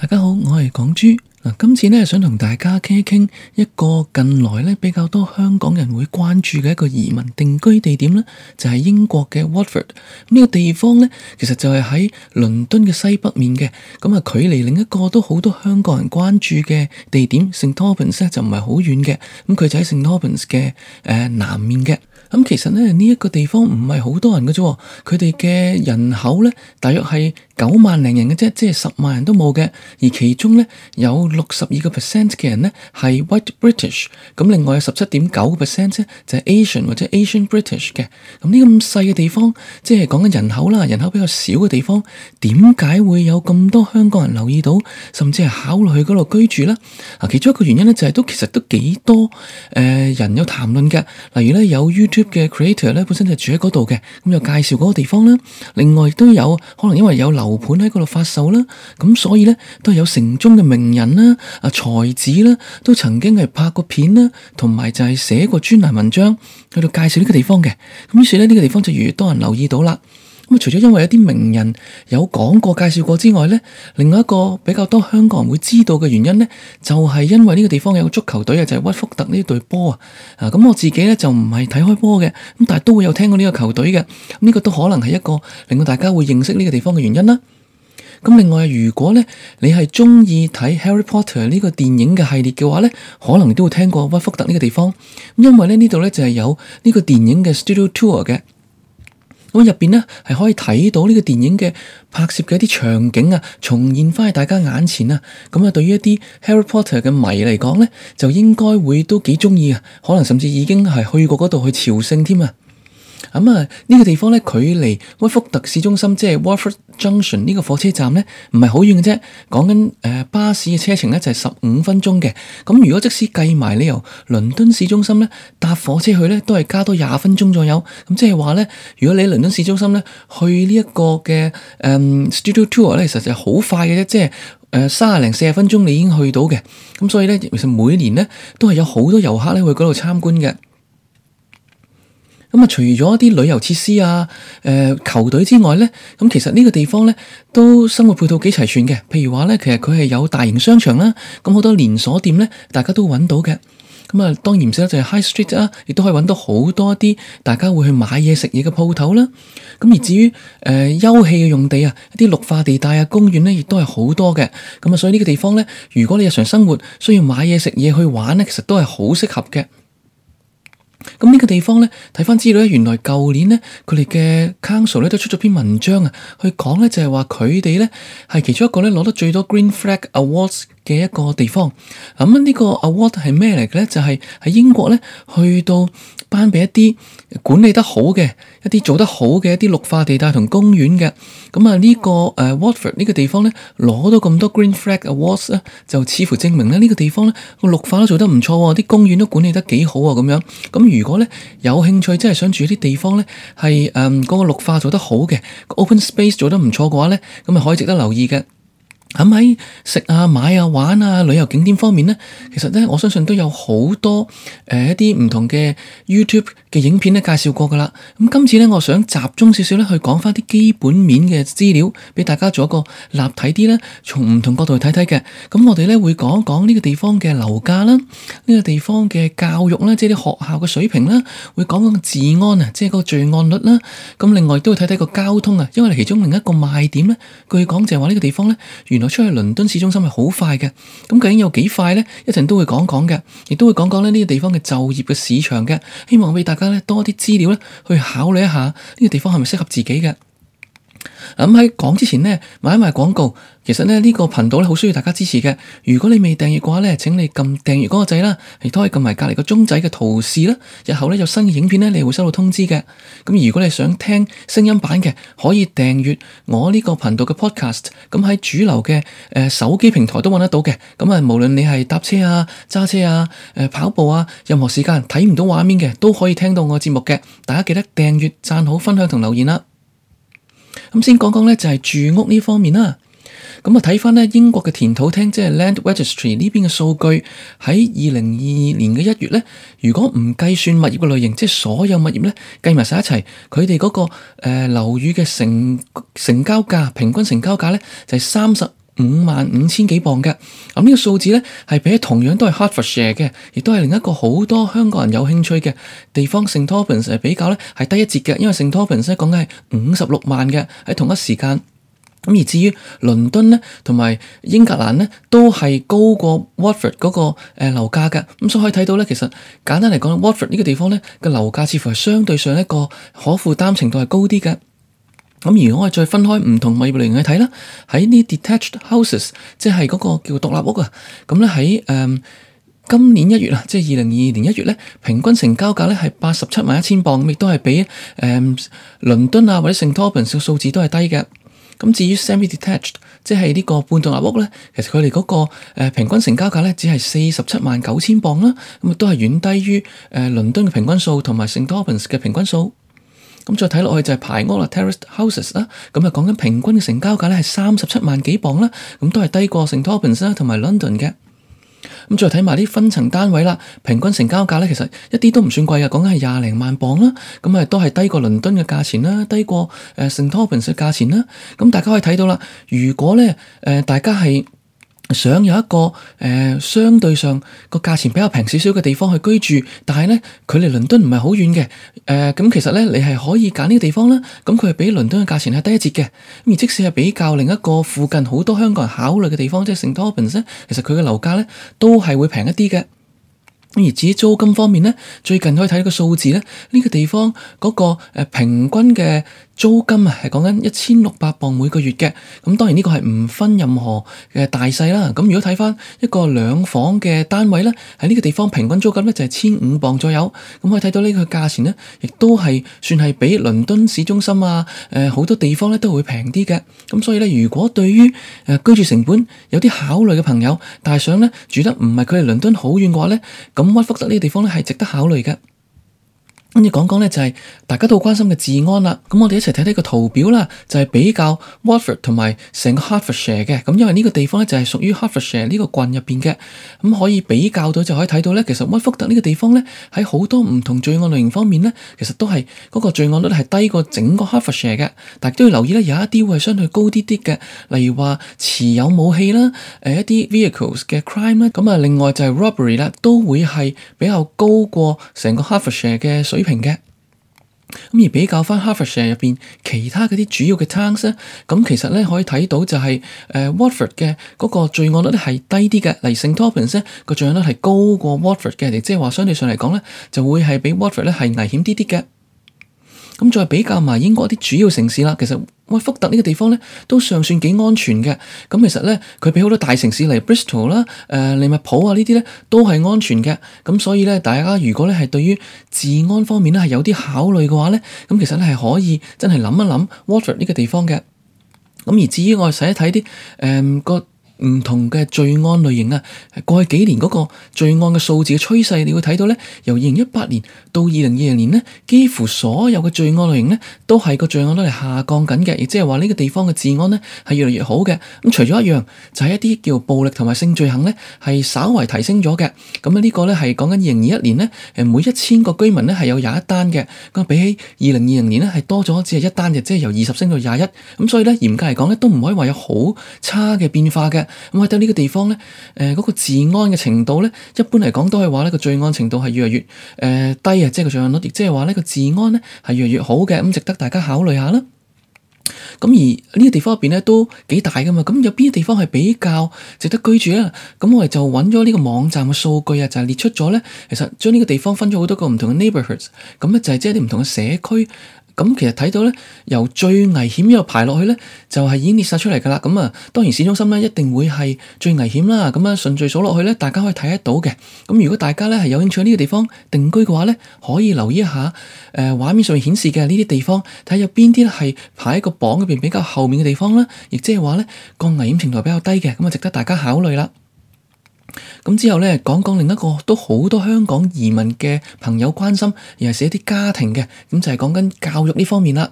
大家好，我係港珠，今次呢，想同大家傾一傾一個近來咧比較多香港人會關注嘅一個移民定居地點呢就係、是、英國嘅 Watford。呢、這個地方呢，其實就係喺倫敦嘅西北面嘅，咁啊，距離另一個都好多香港人關注嘅地點聖托賓斯咧，就唔係好遠嘅，咁佢就喺聖托賓 s 嘅南面嘅。咁其實咧呢一、這個地方唔係好多人嘅啫，佢哋嘅人口呢，大約係。九萬零人嘅啫，即係十萬人都冇嘅。而其中呢，有六十二個 percent 嘅人呢係 White British，咁另外有十七點九個 percent 啫，就係、是、Asian 或者 Asian British 嘅。咁呢咁細嘅地方，即係講緊人口啦，人口比較少嘅地方，點解會有咁多香港人留意到，甚至係考慮去嗰度居住呢？嗱，其中一個原因呢，就係、是、都其實都幾多誒、呃、人有談論嘅。例如呢，有 YouTube 嘅 Creator 呢，本身就住喺嗰度嘅，咁又介紹嗰個地方啦。另外都有可能因為有樓樓盤喺嗰度發售啦，咁所以咧都係有城中嘅名人啦、啊才子啦，都曾經係拍過片啦，同埋就係寫過專欄文章，去到介紹呢個地方嘅，咁於是咧呢個地方就越嚟越多人留意到啦。咁除咗因為一啲名人有講過、介紹過之外呢，另外一個比較多香港人會知道嘅原因呢，就係、是、因為呢個地方有足球隊啊，就係、是、屈福特呢隊波啊。啊，咁、嗯、我自己呢，就唔係睇開波嘅，咁但係都會有聽過呢個球隊嘅。呢、嗯，這個都可能係一個令到大家會認識呢個地方嘅原因啦。咁、嗯、另外，如果咧你係中意睇《Harry Potter》呢個電影嘅系列嘅話呢，可能都會聽過屈福特呢個地方。咁因為呢度呢，就係、是、有呢個電影嘅 Studio Tour 嘅。入邊呢係可以睇到呢個電影嘅拍攝嘅一啲場景啊，重現翻喺大家眼前啊！咁啊，對於一啲 Harry Potter 嘅迷嚟講呢，就應該會都幾鍾意啊，可能甚至已經係去過嗰度去朝聖添啊！咁啊，呢、嗯這個地方咧，距離屈福特市中心即係 Watford Junction 呢個火車站咧，唔係好遠嘅啫。講緊誒巴士嘅車程咧，就係十五分鐘嘅。咁、嗯、如果即使計埋你由倫敦市中心咧搭火車去咧，都係加多廿分鐘左右。咁、嗯、即係話咧，如果你喺倫敦市中心咧去呢一個嘅誒、嗯、Studio Tour 咧，其實就係好快嘅啫，即係誒三十零四十分鐘你已經去到嘅。咁、嗯、所以咧，其實每年咧都係有好多遊客咧去嗰度參觀嘅。咁啊，除咗啲旅遊設施啊、誒、呃、球隊之外咧，咁其實呢個地方咧都生活配套幾齊全嘅。譬如話咧，其實佢係有大型商場啦、啊，咁好多連鎖店咧，大家都揾到嘅。咁啊，當然唔少得就係 High Street 啊，亦都可以揾到好多啲大家會去買嘢食嘢嘅鋪頭啦。咁而至於誒、呃、休憩嘅用地啊，一啲綠化地帶啊、公園咧，亦都係好多嘅。咁啊，所以呢個地方咧，如果你日常生活需要買嘢食嘢去玩咧，其實都係好適合嘅。咁呢個地方咧，睇返資料咧，原來舊年咧佢哋嘅 Council 咧都出咗篇文章啊，去講咧就係話佢哋咧係其中一個咧攞得最多 Green Flag Awards 嘅一個地方。咁、嗯這個、呢個 Award 係咩嚟嘅咧？就係、是、喺英國咧去到。頒畀一啲管理得好嘅、一啲做得好嘅一啲綠化地帶同公園嘅，咁啊呢個誒、呃、Watford 呢個地方咧攞到咁多 Green Flag Awards 咧，就似乎證明咧呢、呢個地方咧個綠化都做得唔錯、哦，啲公園都管理得幾好啊、哦、咁樣。咁如果咧有興趣真係想住啲地方咧，係誒嗰個綠化做得好嘅，個 open space 做得唔錯嘅話咧，咁啊可以值得留意嘅。係咪食啊、買啊、玩啊、旅遊景點方面呢，其實呢，我相信都有好多誒、呃、一啲唔同嘅 YouTube 嘅影片呢介紹過噶啦。咁、嗯、今次呢，我想集中少少呢去講翻啲基本面嘅資料，俾大家做一個立體啲呢，從唔同角度去睇睇嘅。咁、嗯、我哋呢會講一講呢個地方嘅樓價啦，呢、啊這個地方嘅教育啦，即係啲學校嘅水平啦，會講講治安啊，即係、啊啊、個罪案率啦。咁、啊、另外都會睇睇個交通啊，因為其中另一個賣點呢，據講就係話呢個地方呢。原來出去倫敦市中心係好快嘅，咁究竟有幾快咧？一陣都會講講嘅，亦都會講講呢個地方嘅就業嘅市場嘅，希望畀大家咧多啲資料咧去考慮一下呢個地方係咪適合自己嘅。咁喺講之前呢，買埋廣告。其實咧呢個頻道咧好需要大家支持嘅。如果你未訂閱嘅話呢，請你撳訂閱嗰個掣啦，亦都可以撳埋隔籬個鐘仔嘅圖示啦。日後呢，有新嘅影片呢，你會收到通知嘅。咁如果你想聽聲音版嘅，可以訂閱我呢個頻道嘅 podcast。咁喺主流嘅誒手機平台都揾得到嘅。咁啊，無論你係搭車啊、揸車啊、誒跑步啊，任何時間睇唔到畫面嘅，都可以聽到我節目嘅。大家記得訂閱、讚好、分享同留言啦。咁先講講咧，就係住屋呢方面啦。咁啊，睇翻咧英國嘅田土廳，即係 Land Registry 呢邊嘅數據，喺二零二二年嘅一月咧，如果唔計算物業嘅類型，即係所有物業咧計埋晒一齊，佢哋嗰個誒、呃、樓宇嘅成成交價平均成交價咧就係三十五萬五千幾磅嘅，咁、這、呢個數字呢，係比同樣都係 Hertfordshire 嘅，亦都係另一個好多香港人有興趣嘅地方。St Albans 比較呢，係低一截嘅，因為 St Albans 呢講緊係五十六萬嘅喺同一時間。咁而至於倫敦呢，同埋英格蘭呢，都係高過 Watford 嗰個誒樓價嘅。咁、嗯、所以可以睇到呢，其實簡單嚟講，Watford 呢個地方呢，個樓價似乎係相對上一個可負擔程度係高啲嘅。咁如果我哋再分開唔同類型去睇啦，喺呢 detached houses，即係嗰個叫獨立屋啊，咁咧喺誒今年一月啊，即係二零二二年一月咧，平均成交價咧係八十七萬一千磅，咁亦都係比誒倫、呃、敦啊或者聖托 a l 嘅數字都係低嘅。咁至於 semi-detached，即係呢個半獨立屋咧，其實佢哋嗰個誒平均成交價咧只係四十七萬九千磅啦，咁啊都係遠低於誒倫敦嘅平均數同埋聖托 a 嘅平均數。咁再睇落去就係排屋啦，terraced houses 啦，咁啊講緊平均嘅成交價咧係三十七萬幾磅啦，咁都係低過 p 托 n 斯啦同埋 London 嘅。咁 on 再睇埋啲分層單位啦，平均成交價咧其實一啲都唔算貴嘅，講緊係廿零萬磅啦，咁啊都係低過倫敦嘅價錢啦，低過誒聖托賓 s 嘅價錢啦。咁大家可以睇到啦，如果咧誒、呃、大家係。想有一個誒、呃、相對上個價錢比較平少少嘅地方去居住，但係咧距離倫敦唔係好遠嘅，誒、呃、咁其實咧你係可以揀呢個地方啦。咁佢係比倫敦嘅價錢係低一截嘅，咁而即使係比較另一個附近好多香港人考慮嘅地方，即係 St Albans，其實佢嘅樓價咧都係會平一啲嘅。咁而至於租金方面咧，最近可以睇個數字咧，呢、呢個地方嗰個平均嘅。租金啊，係講緊一千六百磅每個月嘅，咁當然呢個係唔分任何嘅大細啦。咁如果睇翻一個兩房嘅單位咧，喺呢個地方平均租金咧就係千五磅左右。咁可以睇到呢個價錢咧，亦都係算係比倫敦市中心啊，誒好多地方咧都會平啲嘅。咁所以咧，如果對於誒居住成本有啲考慮嘅朋友，但係想咧住得唔係距離倫敦好遠嘅話咧，咁屈福特呢個地方咧係值得考慮嘅。跟住講講咧，講講就係大家都好關心嘅治安啦。咁我哋一齊睇睇個圖表啦，就係、是、比較 Watford 同埋成個 Hertfordshire 嘅。咁因為呢個地方咧就係屬於 Hertfordshire 呢個郡入邊嘅，咁、嗯、可以比較到就可以睇到咧，其實 Watford 呢個地方咧喺好多唔同罪案類型方面咧，其實都係嗰個罪案率係低過整個 Hertfordshire 嘅。大家都要留意咧，有一啲會係相對高啲啲嘅，例如話持有武器啦，誒一啲 vehicles 嘅 crime 啦，咁啊另外就係 robbery 啦，都會係比較高過成個 Hertfordshire 嘅。水平嘅，咁而比較翻 Hertfordshire 入邊其他嗰啲主要嘅 towns 咧，咁其實咧可以睇到就係誒 Watford 嘅嗰個罪案率咧係低啲嘅，例如 St Albans 個罪案率係高過 Watford 嘅，即係話相對上嚟講咧就會係比 Watford 咧係危險啲啲嘅。咁再比較埋英國啲主要城市啦，其實屈福特呢個地方咧都尚算幾安全嘅。咁其實咧，佢比好多大城市嚟 Bristol 啦、誒、呃、利物浦啊呢啲咧都係安全嘅。咁所以咧，大家如果咧係對於治安方面咧係有啲考慮嘅話咧，咁其實咧係可以真係諗一諗 Watford 呢個地方嘅。咁而至於我哋睇一睇啲誒個唔同嘅罪案類型啊，過去幾年嗰個罪案嘅數字嘅趨勢，你會睇到咧，由二零一八年到二零二零年咧，幾乎所有嘅罪案類型咧，都係個罪案都係下降緊嘅，亦即係話呢個地方嘅治安咧係越嚟越好嘅。咁、嗯、除咗一樣就係、是、一啲叫暴力同埋性罪行咧，係稍為提升咗嘅。咁、嗯這個、呢個咧係講緊二零二一年咧，誒每一千個居民咧係有廿一單嘅。咁比起二零二零年咧係多咗只係一單嘅，即、就、係、是、由二十升到廿一。咁、嗯、所以咧嚴格嚟講咧都唔可以話有好差嘅變化嘅。咁喺到呢個地方咧，誒、呃，嗰、那個治安嘅程度咧，一般嚟講都係話呢個罪案程度係越嚟越誒、呃、低啊，即係個罪案率，即係話呢個治安咧係越嚟越好嘅，咁值得大家考慮下啦。咁而呢個地方入邊咧都幾大㗎嘛，咁有邊啲地方係比較值得居住啊？咁我哋就搵咗呢個網站嘅數據啊，就係、是、列出咗咧，其實將呢個地方分咗好多個唔同嘅 neighborhoods，咁咧就係即係啲唔同嘅社區。咁其實睇到咧，由最危險呢度排落去咧，就係已經列晒出嚟噶啦。咁啊，當然市中心咧一定會係最危險啦。咁啊，順序數落去咧，大家可以睇得到嘅。咁如果大家咧係有興趣呢個地方定居嘅話咧，可以留意一下誒，畫面上面顯示嘅呢啲地方，睇下有邊啲係排喺個榜入邊比較後面嘅地方啦。亦即係話咧個危險程度比較低嘅，咁啊值得大家考慮啦。咁之後呢，講講另一個都好多香港移民嘅朋友關心，而係寫啲家庭嘅，咁就係講緊教育呢方面啦。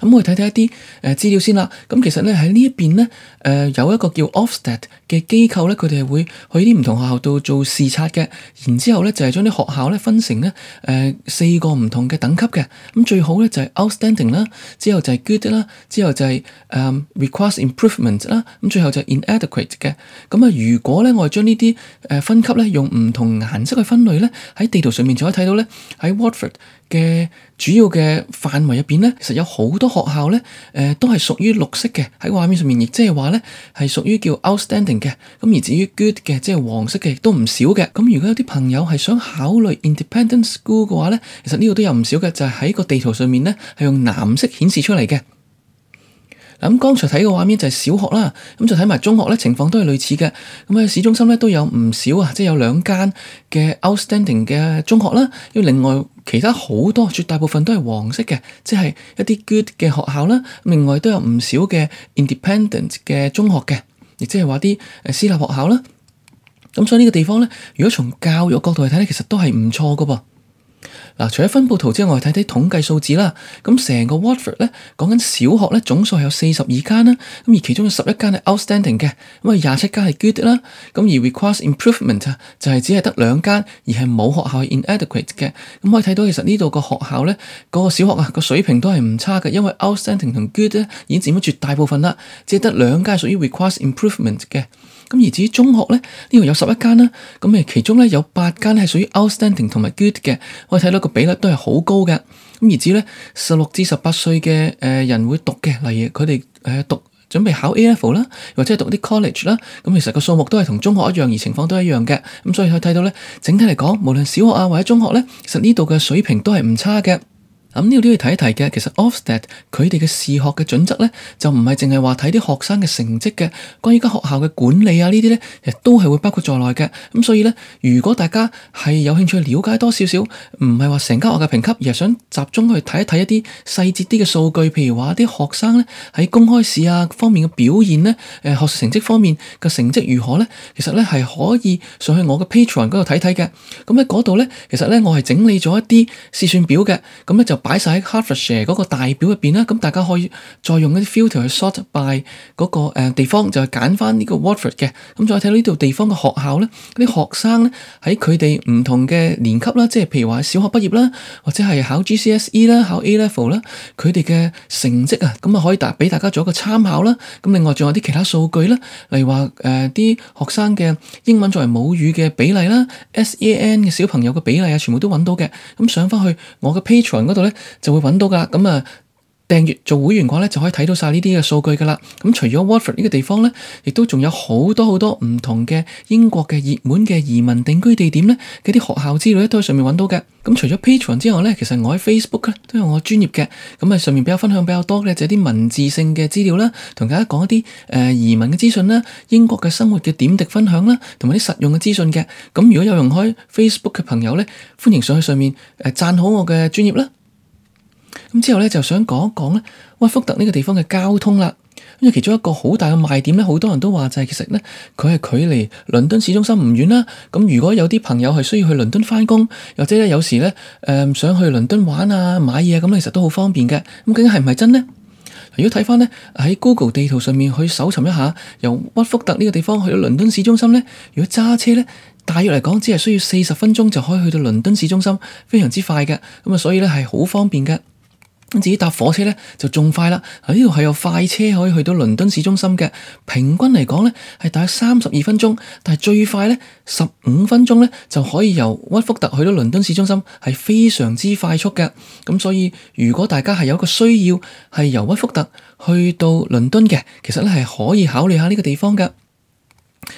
咁我哋睇睇一啲誒資料先啦。咁其實咧喺呢一邊咧，誒有一個叫 Ofsted 嘅機構咧，佢哋係會去啲唔同學校度做視察嘅。然之後咧就係將啲學校咧分成咧誒四個唔同嘅等級嘅。咁最好咧就係 outstanding 啦，之後就係 good 啦，之後就係誒 requires improvement 啦，咁最後就係 inadequate 嘅。咁啊，如果咧我哋將呢啲誒分級咧用唔同顏色去分類咧，喺地圖上面就可以睇到咧喺 Watford 嘅主要嘅範圍入邊呢，其實有好多學校呢，誒、呃、都係屬於綠色嘅，喺個畫面上面，亦即係話呢，係屬於叫 outstanding 嘅。咁而至於 good 嘅，即係黃色嘅，亦都唔少嘅。咁如果有啲朋友係想考慮 independent school 嘅話呢，其實呢度都有唔少嘅，就係喺個地圖上面呢，係用藍色顯示出嚟嘅。嗱，咁剛才睇個畫面就係小學啦，咁就睇埋中學呢，情況都係類似嘅。咁喺市中心呢，都有唔少啊，即、就、係、是、有兩間嘅 outstanding 嘅中學啦，要另外。其他好多，絕大部分都係黃色嘅，即係一啲 good 嘅學校啦。另外都有唔少嘅 independent 嘅中學嘅，亦即係話啲私立學校啦。咁所以呢個地方咧，如果從教育角度嚟睇咧，其實都係唔錯㗎噃。嗱，除咗分布圖之外，睇睇統計數字啦。咁成個 Watford 咧，講緊小學咧總數有四十二間啦。咁而其中 standing, good, 而有十一間係 outstanding 嘅，咁啊廿七間係 good 啦。咁而 request improvement 啊，就係只係得兩間，而係冇學校係 inadequate 嘅。咁可以睇到，其實呢度個學校咧，個小學啊個水平都係唔差嘅。因為 outstanding 同 good 咧，已經佔咗絕大部分啦，只係得兩間係屬於 request improvement 嘅。咁而至於中學咧，呢度有十一間啦，咁誒其中咧有八間咧係屬於 outstanding 同埋 good 嘅，可以睇到個比率都係好高嘅。咁而至於咧十六至十八歲嘅誒人會讀嘅，例如佢哋誒讀準備考 A-level 啦，或者係讀啲 college 啦，咁其實個數目都係同中學一樣，而情況都係一樣嘅。咁所以可以睇到咧，整體嚟講，無論小學啊或者中學咧，其實呢度嘅水平都係唔差嘅。咁呢度都要提一提嘅，其實 Ofsted 佢哋嘅視學嘅準則呢，就唔係淨係話睇啲學生嘅成績嘅，關於而家學校嘅管理啊呢啲呢，亦都係會包括在內嘅。咁所以呢，如果大家係有興趣了解多少少，唔係話成間學嘅評級，而係想集中去睇一睇一啲細節啲嘅數據，譬如話啲學生呢，喺公開試啊方面嘅表現呢，誒學習成績方面嘅成績如何呢？其實呢，係可以上去我嘅 Patreon 嗰度睇睇嘅。咁喺嗰度呢，其實呢，我係整理咗一啲試算表嘅，咁咧就。擺晒喺 Harvard Share 嗰個大表入邊啦，咁大家可以再用一啲 filter 去 sort by 嗰個地方，就係揀翻呢個 Watford 嘅。咁再睇到呢度地方嘅學校咧，嗰啲學生咧喺佢哋唔同嘅年級啦，即係譬如話小學畢業啦，或者係考 GCSE 啦、考 A Level 啦，佢哋嘅成績啊，咁啊可以大俾大家做一個參考啦。咁另外仲有啲其他數據啦，例如話誒啲學生嘅英文作為母語嘅比例啦、SEN 嘅小朋友嘅比例啊，全部都揾到嘅。咁上翻去我嘅 Patreon 嗰度咧，就會揾到噶，咁、嗯、啊訂閱做會員嘅話咧，就可以睇到晒呢啲嘅數據噶啦。咁、嗯、除咗 Watford 呢個地方咧，亦都仲有好多好多唔同嘅英國嘅熱門嘅移民定居地點咧，嗰啲學校資料呢都喺上面揾到嘅。咁、嗯、除咗 Patreon 之外咧，其實我喺 Facebook 咧都有我專頁嘅，咁啊上面比較分享比較多嘅就係、是、啲文字性嘅資料啦，同大家講一啲誒、呃、移民嘅資訊啦，英國嘅生活嘅點滴分享啦，同埋啲實用嘅資訊嘅。咁、嗯、如果有用開 Facebook 嘅朋友咧，歡迎上去上面誒讚好我嘅專頁啦。咁之後咧就想講一講咧，屈福特呢個地方嘅交通啦。咁啊，其中一個好大嘅賣點咧，好多人都話就係、是、其實咧，佢係距離倫敦市中心唔遠啦。咁如果有啲朋友係需要去倫敦翻工，或者咧有時咧誒、呃、想去倫敦玩啊、買嘢咁咧，其實都好方便嘅。咁究竟係唔係真咧？如果睇翻咧喺 Google 地圖上面去搜尋一下，由屈福特呢個地方去到倫敦市中心咧，如果揸車咧，大約嚟講只係需要四十分鐘就可以去到倫敦市中心，非常之快嘅。咁啊，所以咧係好方便嘅。自己搭火車咧，就仲快啦！啊，呢度係有快車可以去到倫敦市中心嘅，平均嚟講咧係大約三十二分鐘，但係最快咧十五分鐘咧就可以由屈福特去到倫敦市中心，係非常之快速嘅。咁所以如果大家係有一個需要係由屈福特去到倫敦嘅，其實咧係可以考慮下呢個地方嘅。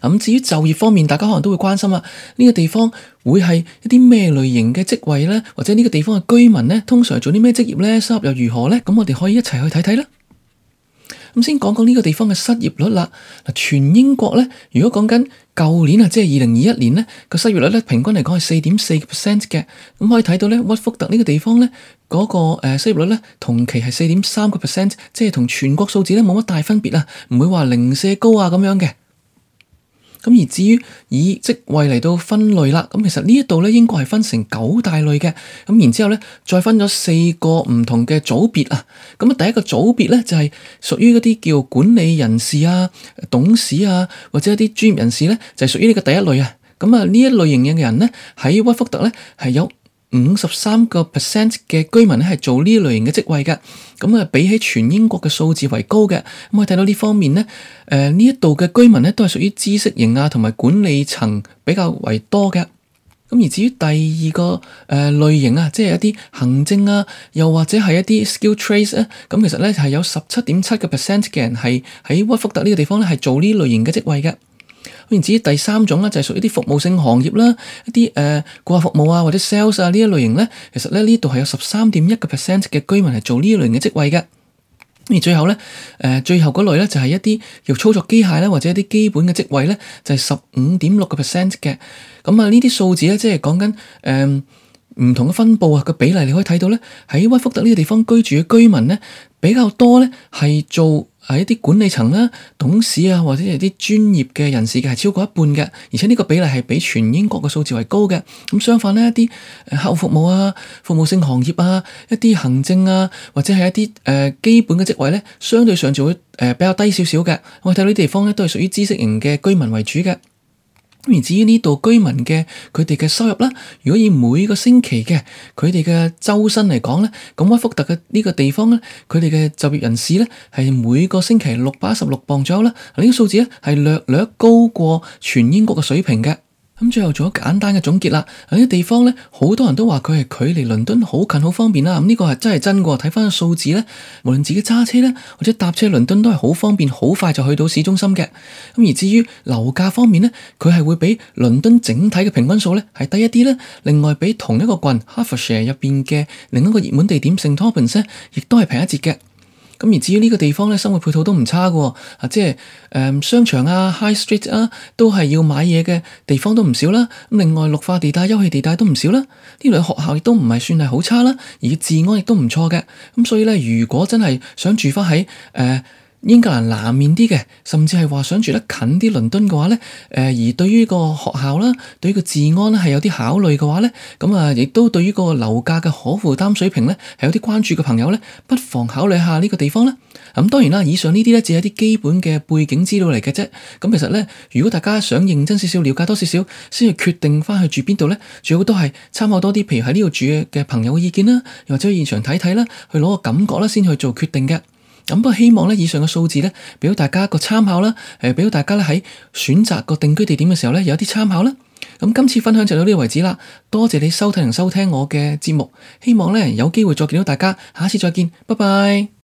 咁至於就業方面，大家可能都會關心啦。呢個地方會係一啲咩類型嘅職位呢？或者呢個地方嘅居民呢？通常做啲咩職業呢？收入又如何呢？咁我哋可以一齊去睇睇啦。咁先講講呢個地方嘅失業率啦。嗱，全英國呢，如果講緊舊年啊，即係二零二一年呢，個失業率呢，平均嚟講係四點四個 percent 嘅。咁可以睇到呢，屈福特呢個地方呢，嗰個失業率呢，同期係四點三個 percent，即係同全國數字呢冇乜大分別啊，唔會話零舍高啊咁樣嘅。咁而至於以職位嚟到分類啦，咁其實呢一度咧應該係分成九大類嘅，咁然之後咧再分咗四個唔同嘅組別啊。咁啊，第一個組別咧就係屬於嗰啲叫管理人士啊、董事啊或者一啲專業人士咧，就係屬於呢個第一類啊。咁啊，呢一類型嘅人咧喺屈福特咧係有五十三個 percent 嘅居民咧係做呢類型嘅職位嘅，咁啊，比起全英國嘅數字為高嘅。咁我睇到呢方面咧，誒呢一度嘅居民咧都係屬於知識型啊，同埋管理層比較為多嘅。咁而至於第二個誒、呃、類型啊，即係一啲行政啊，又或者係一啲 skill trades、啊、咧，咁其實咧係有十七點七個 percent 嘅人係喺屈福特呢個地方咧係做呢類型嘅職位嘅。好然之，第三種咧就係屬於啲服務性行業啦，一啲誒顧客服務啊或者 sales 啊呢一類型咧，其實咧呢度係有十三點一個 percent 嘅居民係做呢一類型嘅職位嘅。而最後咧誒、呃，最後嗰類咧就係一啲要操作機械啦或者一啲基本嘅職位咧，就係十五點六個 percent 嘅。咁啊，數呢啲數字咧即係講緊誒唔同嘅分佈啊嘅比例，你可以睇到咧喺威福德呢個地方居住嘅居民咧比較多咧係做。係一啲管理層啦、董事啊，或者係啲專業嘅人士嘅係超過一半嘅，而且呢個比例係比全英國嘅數字為高嘅。咁相反呢，一啲客戶服務啊、服務性行業啊、一啲行政啊，或者係一啲誒、呃、基本嘅職位咧，相對上就會誒比較低少少嘅。我睇到啲地方咧，都係屬於知識型嘅居民為主嘅。咁至於呢度居民嘅佢哋嘅收入啦，如果以每個星期嘅佢哋嘅周薪嚟講咧，咁屈福特嘅呢個地方咧，佢哋嘅就業人士咧係每個星期六百一十六磅左右啦。呢、這個數字咧係略略高過全英國嘅水平嘅。咁最後做一咗簡單嘅總結啦，有啲地方呢，好多人都話佢係距離倫敦好近好方便啦，咁呢個係真係真噶，睇翻個數字呢，無論自己揸車呢，或者搭車，倫敦都係好方便，好快就去到市中心嘅。咁而至於樓價方面呢，佢係會比倫敦整體嘅平均數呢係低一啲呢。另外比同一個郡哈佛 r 入邊嘅另一個熱門地點聖托普斯亦都係平一截嘅。咁而至於呢個地方咧，生活配套都唔差嘅，啊，即係誒、呃、商場啊、High Street 啊，都係要買嘢嘅地方都唔少啦。咁另外綠化地帶、休憩地帶都唔少啦。呢啲學校亦都唔係算係好差啦，而治安亦都唔錯嘅。咁、啊、所以咧，如果真係想住翻喺誒、呃英格蘭南面啲嘅，甚至係話想住得近啲倫敦嘅話咧，誒、呃、而對於個學校啦，對於個治安咧係有啲考慮嘅話咧，咁啊亦都對於個樓價嘅可負擔水平咧係有啲關注嘅朋友咧，不妨考慮下呢個地方啦。咁、嗯、當然啦，以上呢啲咧只係一啲基本嘅背景資料嚟嘅啫。咁、嗯、其實咧，如果大家想認真少少了解多少少，先去決定翻去住邊度咧，最好都係參考多啲，譬如喺呢度住嘅朋友嘅意見啦，又或者去現場睇睇啦，去攞個感覺啦，先去做決定嘅。咁不過希望咧，以上嘅數字咧，俾到大家一個參考啦。誒，俾到大家咧喺選擇個定居地點嘅時候咧，有啲參考啦。咁今次分享就到呢個為止啦。多謝你收睇同收聽我嘅節目。希望咧有機會再見到大家，下次再見，拜拜。